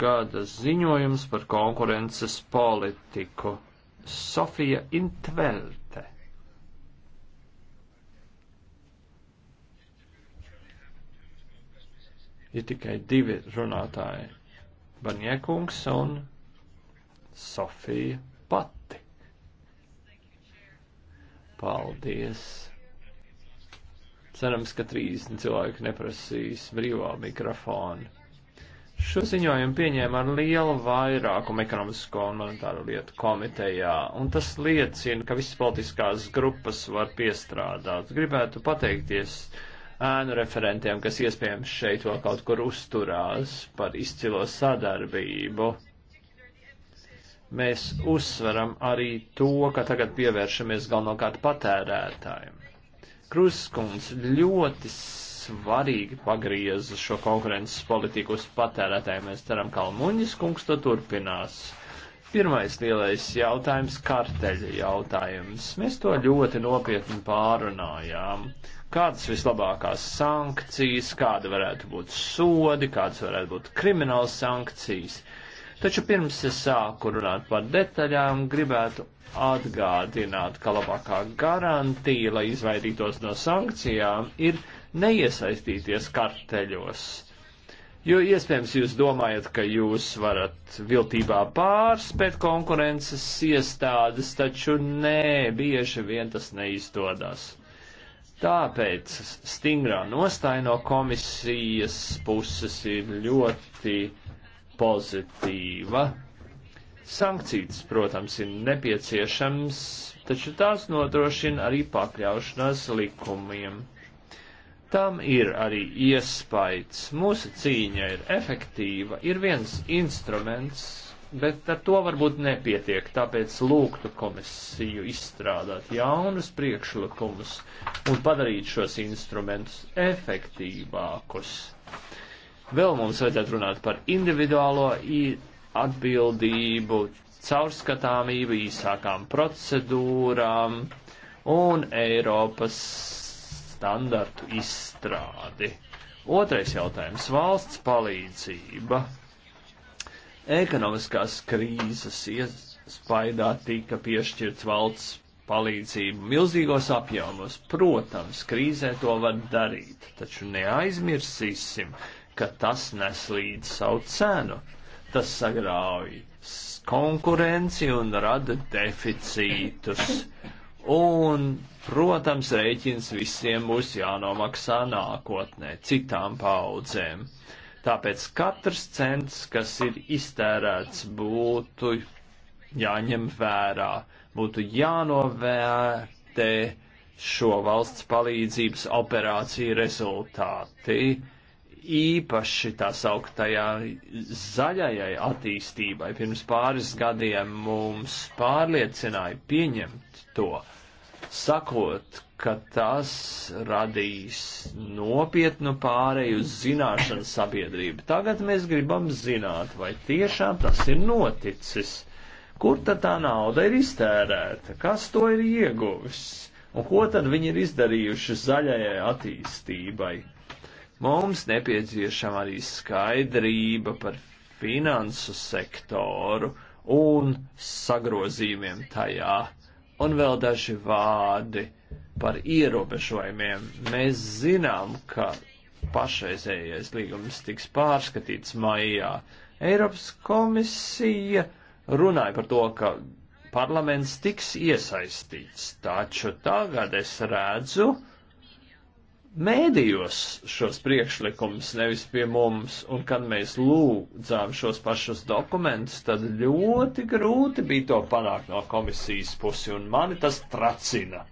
gada ziņojums par konkurences politiku. Sofija Intvelte. Ir tikai divi runātāji - Baniekungs un Sofija pati. Paldies! Cerams, ka 30 cilvēki neprasīs brīvā mikrofonu. Šo ziņojumu pieņēma ar lielu vairākumu ekonomisko un monetāro lietu komitejā, un tas liecina, ka visas politiskās grupas var piestrādāt. Gribētu pateikties ēnu referentiem, kas iespējams šeit vēl kaut kur uzturās par izcilo sadarbību. Mēs uzsveram arī to, ka tagad pievēršamies galvenokārt patērētājiem. Kruskunds ļoti svarīgi pagrieza šo konkurences politiku uz patērētājiem. Mēs ceram, ka Almuņas kungs to turpinās. Pirmais lielais jautājums - karteļa jautājums. Mēs to ļoti nopietni pārunājām. Kādas vislabākās sankcijas, kāda varētu būt sodi, kādas varētu būt krimināls sankcijas. Taču pirms es sāku runāt par detaļām, gribētu atgādināt, ka labākā garantija, lai izvairītos no sankcijām, ir neiesaistīties karteļos. Jo iespējams jūs domājat, ka jūs varat viltībā pārspēt konkurences iestādes, taču nē, bieži vien tas neizdodas. Tāpēc stingrā nostāja no komisijas puses ir ļoti pozitīva. Sankcijas, protams, ir nepieciešams, taču tās nodrošina arī pakļaušanās likumiem tam ir arī iespējas. Mūsu cīņa ir efektīva, ir viens instruments, bet ar to varbūt nepietiek. Tāpēc lūgtu komisiju izstrādāt jaunus priekšlikumus un padarīt šos instrumentus efektīvākus. Vēl mums vajadzētu runāt par individuālo atbildību, caurskatāmību, īsākām procedūrām un Eiropas standartu izstrādi. Otrais jautājums - valsts palīdzība. Ekonomiskās krīzes iespaidā tika piešķirts valsts palīdzību milzīgos apjomos. Protams, krīzē to var darīt, taču neaizmirsīsim, ka tas nes līdz savu cenu. Tas sagrauj konkurenci un rada deficītus un, protams, rēķins visiem būs jānomaksā nākotnē, citām paudzēm. Tāpēc katrs cents, kas ir iztērēts, būtu jāņem vērā, būtu jānovērtē šo valsts palīdzības operāciju rezultāti īpaši tā sauktajā zaļajai attīstībai pirms pāris gadiem mums pārliecināja pieņemt to, sakot, ka tas radīs nopietnu pāreju uz zināšanu sabiedrību. Tagad mēs gribam zināt, vai tiešām tas ir noticis. Kur tad tā nauda ir iztērēta? Kas to ir ieguvis? Un ko tad viņi ir izdarījuši zaļajai attīstībai? Mums nepieciešama arī skaidrība par finansu sektoru un sagrozījumiem tajā. Un vēl daži vārdi par ierobežojumiem. Mēs zinām, ka pašreizējais līgums tiks pārskatīts maijā. Eiropas komisija runāja par to, ka parlaments tiks iesaistīts, taču tagad es redzu, mēdījos šos priekšlikumus, nevis pie mums, un kad mēs lūdzām šos pašus dokumentus, tad ļoti grūti bija to panākt no komisijas pusi, un mani tas tracina.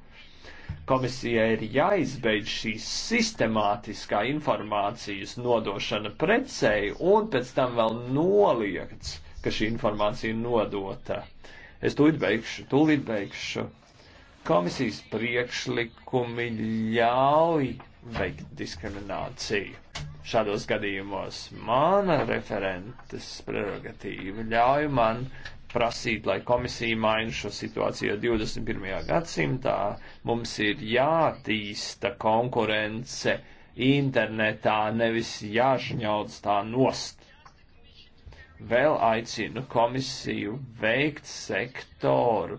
Komisijai ir jāizbeidz šī sistemātiskā informācijas nodošana precēji, un pēc tam vēl noliegts, ka šī informācija ir nodota. Es tūlīt beigšu, tūlīt beigšu. Komisijas priekšlikumi ļauj veikt diskrimināciju. Šādos gadījumos mana referentes prerogatīva ļauj man prasīt, lai komisija maina šo situāciju, jo 21. gadsimtā mums ir jātīsta konkurence internetā, nevis jāšņauc tā nost. Vēl aicinu komisiju veikt sektoru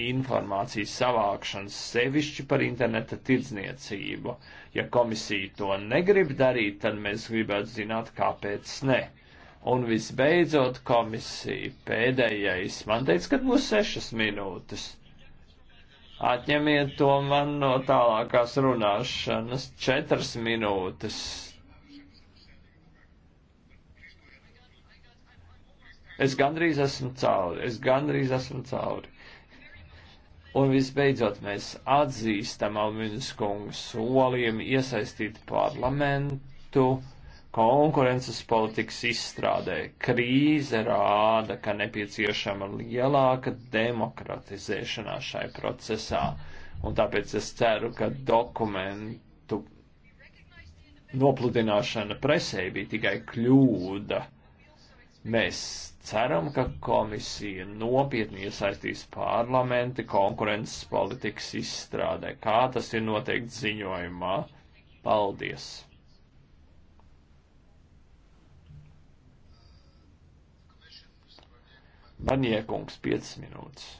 informācijas savākšanas sevišķi par interneta tirdzniecību. Ja komisija to negrib darīt, tad mēs gribētu zināt, kāpēc ne. Un visbeidzot, komisija pēdējais man teica, ka būs sešas minūtes. Atņemiet to man no tālākās runāšanas četras minūtes. Es gandrīz esmu cauri, es gandrīz esmu cauri. Un visbeidzot, mēs atzīstam Alminas kungu solījumu iesaistīt parlamentu konkurences politikas izstrādē. Krīze rāda, ka nepieciešama lielāka demokratizēšanās šai procesā, un tāpēc es ceru, ka dokumentu nopludināšana presē bija tikai kļūda. Mēs ceram, ka komisija nopietni iesaistīs parlamenti konkurences politikas izstrādē, kā tas ir noteikti ziņojumā. Paldies! Barniekungs, 5 minūtes.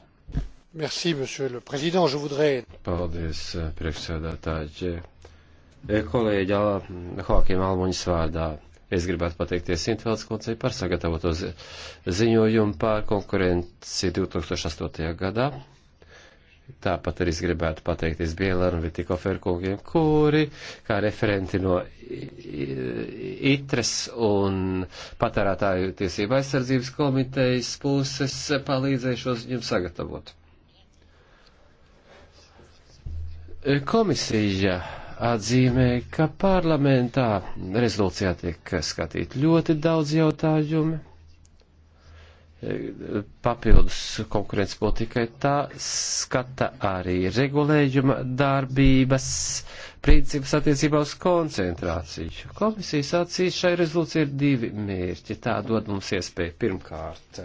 Merci, monsieur le président. Je voudrais. Paldies, eh, priekšsēdētāji. Eh, kolēģi Hākiem Almuņas vārdā Es gribētu pateikties Intvelds koncei par sagatavoto ziņojumu pār konkurenci 2008. gadā. Tāpat arī es gribētu pateikties Bielaru un Vitiko Ferkungiem, kuri kā referenti no ITRES un patērētāju tiesību aizsardzības komitejas puses palīdzēja šo ziņojumu sagatavot. Komisija atzīmē, ka parlamentā rezolūcijā tiek skatīt ļoti daudz jautājumu papildus konkurences politikai, tā skata arī regulējuma darbības principus attiecībā uz koncentrāciju. Komisijas acīs šai rezolūcijai ir divi mērķi. Tā dod mums iespēju pirmkārt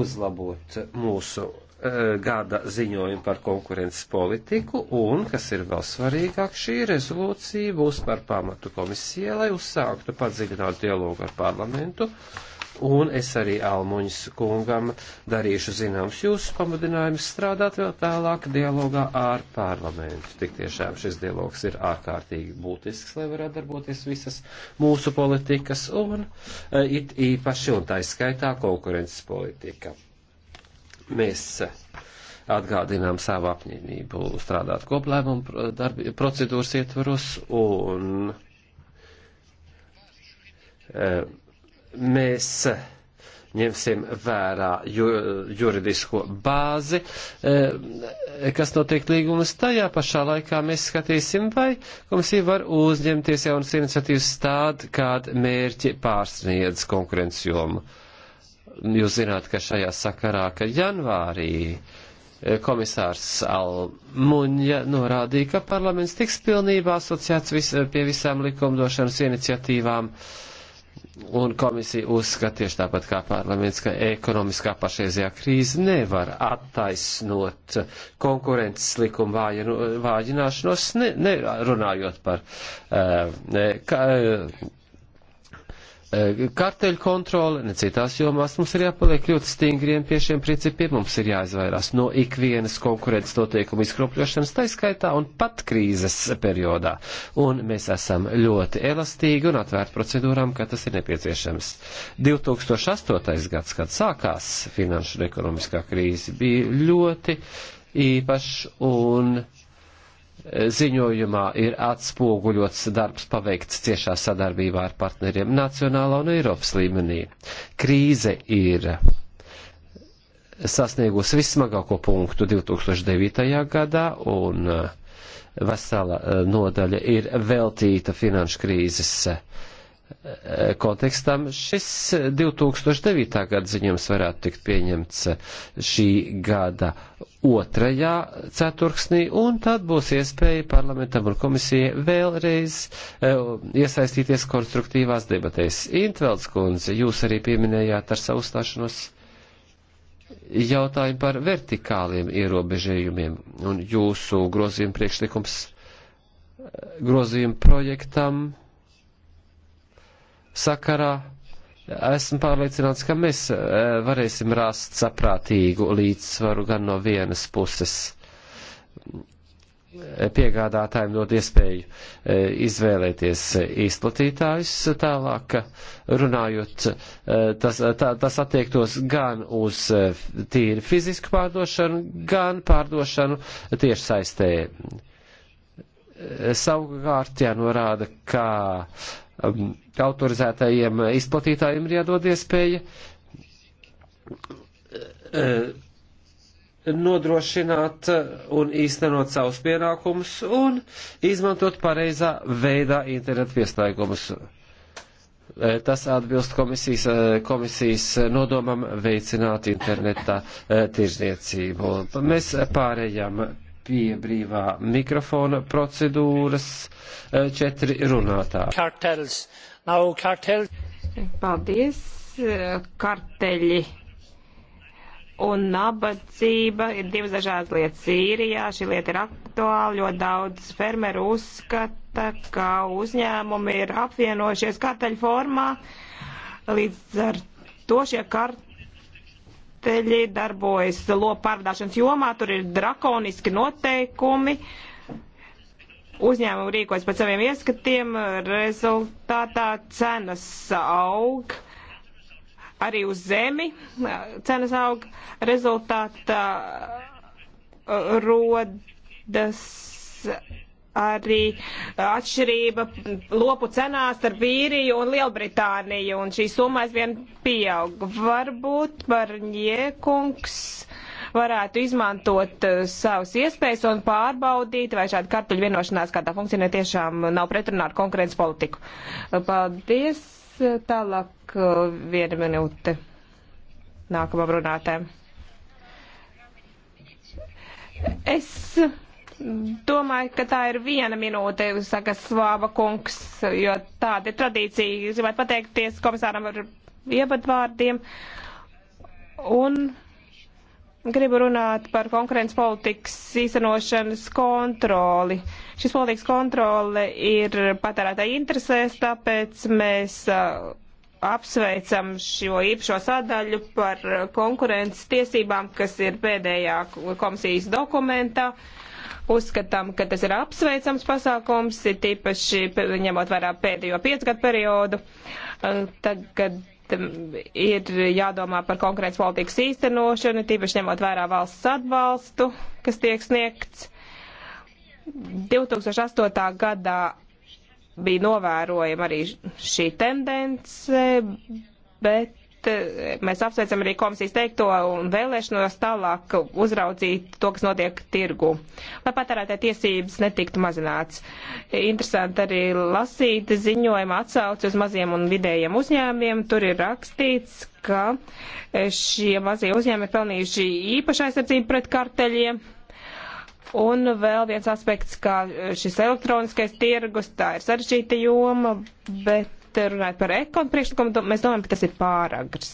uzlabot mūsu Eh, gada ziņojumu par konkurences politiku, un, kas ir vēl svarīgāk, šī rezolūcija būs par pamatu komisijai, lai uzsāktu padziļinātu dialogu ar parlamentu, un es arī Almuņas kungam darīšu zināms jūsu pamudinājumus strādāt vēl tālāk dialogā ar parlamentu. Tik tiešām šis dialogs ir ārkārtīgi būtisks, lai varētu darboties visas mūsu politikas, un eh, it īpaši un taiskaitā konkurences politika. Mēs atgādinām savu apņēmību strādāt koplēmumu darbi, procedūras ietvaros un e, mēs ņemsim vērā ju, juridisko bāzi, e, kas notiek līgumas. Tajā pašā laikā mēs skatīsim, vai komisija var uzņemties jaunas iniciatīvas tādu, kāda mērķi pārsniedz konkurences jomu. Uh, jūs zināt, ka šajā sakarā, ka janvārī eh, komisārs Almuņa norādīja, ka parlaments tiks pilnībā asociēts vis, eh, pie visām likumdošanas iniciatīvām, un komisija uzskata tieši tāpat kā parlaments, ka ekonomiskā pašreizajā krīze nevar attaisnot konkurences likuma nu, vājināšanos, ne, eh, ne runājot par uh, ka, uh, Eh, karteļu kontrole, ne citās jomās. Mums ir jāpaliek ļoti stingriem pie šiem principiem, mums ir jāizvairās no ikvienas konkurences noteikumu izkropļošanas taiskaitā un pat krīzes periodā. Un mēs esam ļoti elastīgi un atvērti procedūrām, kad tas ir nepieciešams. 2008. gads, kad sākās finanšu un ekonomiskā krīze, bija ļoti īpašs un ziņojumā ir atspoguļots darbs paveikts ciešā sadarbībā ar partneriem nacionālā un Eiropas līmenī. Krīze ir sasniegusi vissmagāko punktu 2009. gadā un uh, vesela uh, nodaļa ir veltīta finanšu krīzes uh, kontekstam šis 2009. gada ziņojums varētu tikt pieņemts šī gada otrajā ceturksnī, un tad būs iespēja parlamentam un komisijai vēlreiz e, iesaistīties konstruktīvās debatēs. Intvelds kundze, jūs arī pieminējāt ar savu stāšanos jautājumu par vertikāliem ierobežējumiem, un jūsu grozījuma priekšlikums e, grozījuma projektam sakarā esmu pārliecināts, ka mēs eh, varēsim rast saprātīgu līdzsvaru gan no vienas puses piegādātājiem dod iespēju eh, izvēlēties izplatītājus tālāk, runājot, eh, tas, tā, tas attiektos gan uz tīri fizisku pārdošanu, gan pārdošanu tiešsaistē. saistē savukārt jānorāda, ka um, autorizētajiem izplatītājiem ir jādod iespēja uh, nodrošināt un īstenot savus pienākumus un izmantot pareizā veidā internetu viesnaigumus. Uh, tas atbilst komisijas, uh, komisijas nodomam veicināt internetā uh, tirzniecību. Mēs pārējām pie brīvā mikrofona procedūras eh, četri runātāji. Kartels. Nav kartels. Paldies. Eh, karteļi un nabadzība ir divas dažādas lietas. Sīrijā šī lieta ir aktuāla, jo daudz fermeru uzskata, ka uzņēmumi ir apvienojušies karteļu formā. Līdz ar to šie karteļi karteļi darbojas lopu pārvadāšanas jomā, tur ir drakoniski noteikumi. Uzņēmumi rīkojas pēc saviem ieskatiem, rezultātā cenas aug, arī uz zemi cenas aug, rezultātā uh, rodas arī atšķirība lopu cenās starp īriju un Lielbritāniju, un šī summa aizvien pieaug. Varbūt par ņiekungs varētu izmantot eh, savas iespējas un pārbaudīt, vai šāda kartuļu vienošanās kādā funkcionē tiešām nav pretrunā ar konkurences politiku. Paldies. Tālāk eh, viena minūte nākamam runātājam. Es domāju, ka tā ir viena minūte, saka Svāba kungs, jo tāda ir tradīcija. Gribētu pateikties komisāram ar ievadvārdiem. Un gribu runāt par konkurences politikas īstenošanas kontroli. Šis politikas kontrole ir patērētāji interesēs, tāpēc mēs uh, apsveicam šo īpašo sadaļu par konkurences tiesībām, kas ir pēdējā komisijas dokumentā. Uh, Uzskatām, ka tas ir apsveicams pasākums, ir tīpaši ņemot vērā pēdējo piecgadu periodu. Uh, tagad um, ir jādomā par konkrētas politikas īstenošanu, tīpaši ņemot vērā valsts atbalstu, kas tiek sniegts. 2008. gadā bija novērojama arī šī tendence, bet Eh, mēs apsveicam arī komisijas teikto un vēlēšanos tālāk uzraudzīt to, kas notiek tirgu, lai patērētāja tiesības netiktu mazināts. Interesanti arī lasīt ziņojuma atsauci uz maziem un vidējiem uzņēmiem. Tur ir rakstīts, ka eh, šie mazie uzņēmumi ir pelnījuši īpašu aizsardzību pret karteļiem. Un vēl viens aspekts, kā eh, šis elektroniskais tirgus, tā ir sarežģīta joma, bet te runājot par ekonu priekšlikumu, mēs domājam, ka tas ir pāragrs.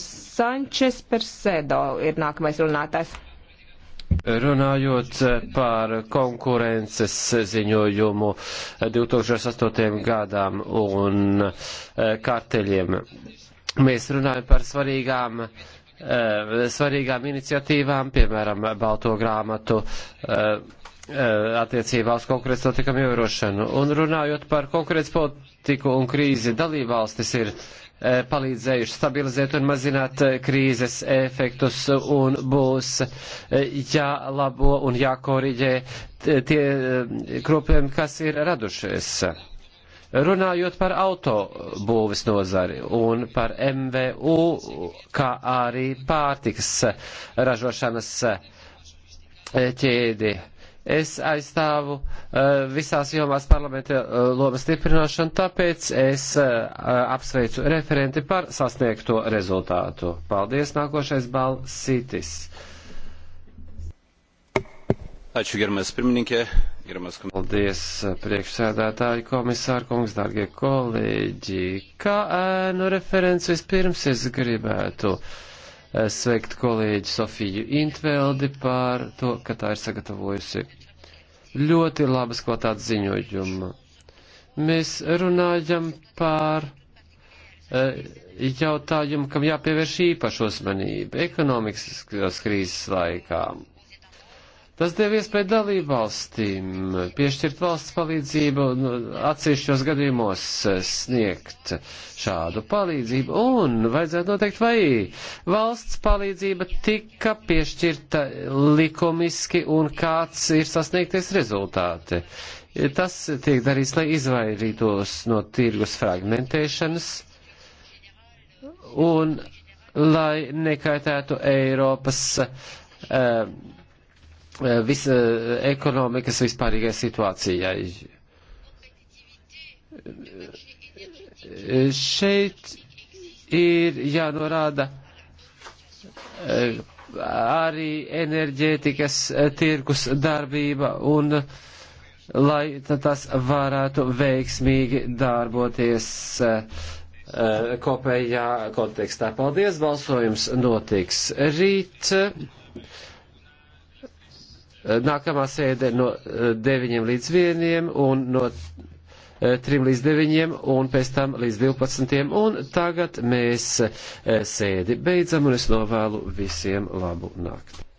Sančes Persedo ir nākamais runātājs. Runājot par konkurences ziņojumu 2008. gadām un e, karteļiem, mēs runājam par svarīgām e, svarīgām iniciatīvām, piemēram, balto grāmatu e, Eh, attiecībā uz konkurences notikam ievērošanu. Un runājot par konkurences politiku un krīzi, dalībvalstis ir eh, palīdzējuši stabilizēt un mazināt eh, krīzes efektus un būs jālabo un jākoriģē tie kropļumi, kas ir radušies. Runājot par autobūvis nozari un par MVU, kā arī pārtikas ražošanas ķēdi es aizstāvu uh, visās jomās parlamenta uh, eh, lomas stiprināšanu, tāpēc es uh, apsveicu referenti par sasniegto rezultātu. Paldies, nākošais bal Sitis. Ačiū, gerbiamas pirmininkė, gerbiamas komisārkungs. Paldies, priekšsēdētāji, komisārkungs, dārgie kolēģi. Kā ēnu referents vispirms es gribētu? Uh, Eh, sveikt kolēģi Sofiju Intveldi par to, ka tā ir sagatavojusi ļoti labas kvalitātes ziņojumu. Mēs runājam par eh, jautājumu, kam jāpievērš īpaša uzmanība ekonomikas krīzes laikā. Tas deva iespēju dalībvalstīm piešķirt valsts palīdzību un atsevišķos gadījumos sniegt šādu palīdzību. Un vajadzētu noteikt, vai valsts palīdzība tika piešķirta likumiski un kāds ir sasniegties rezultāti. Tas tiek darīts, lai izvairītos no tirgus fragmentēšanas un lai nekaitētu Eiropas. Uh, um, Eh, visa ekonomikas vispārīgai situācijai. Eh, šeit ir jānorāda eh, arī enerģētikas tirkus darbība un lai tas varētu veiksmīgi darboties kopējā kontekstā. Paldies, balsojums notiks rīt. Eh, nākamā sēde no 9 eh, līdz 1 un no 3 eh, līdz 9 un pēc tam līdz 12. Un tagad mēs sēdi beidzam un es novēlu visiem labu nakti.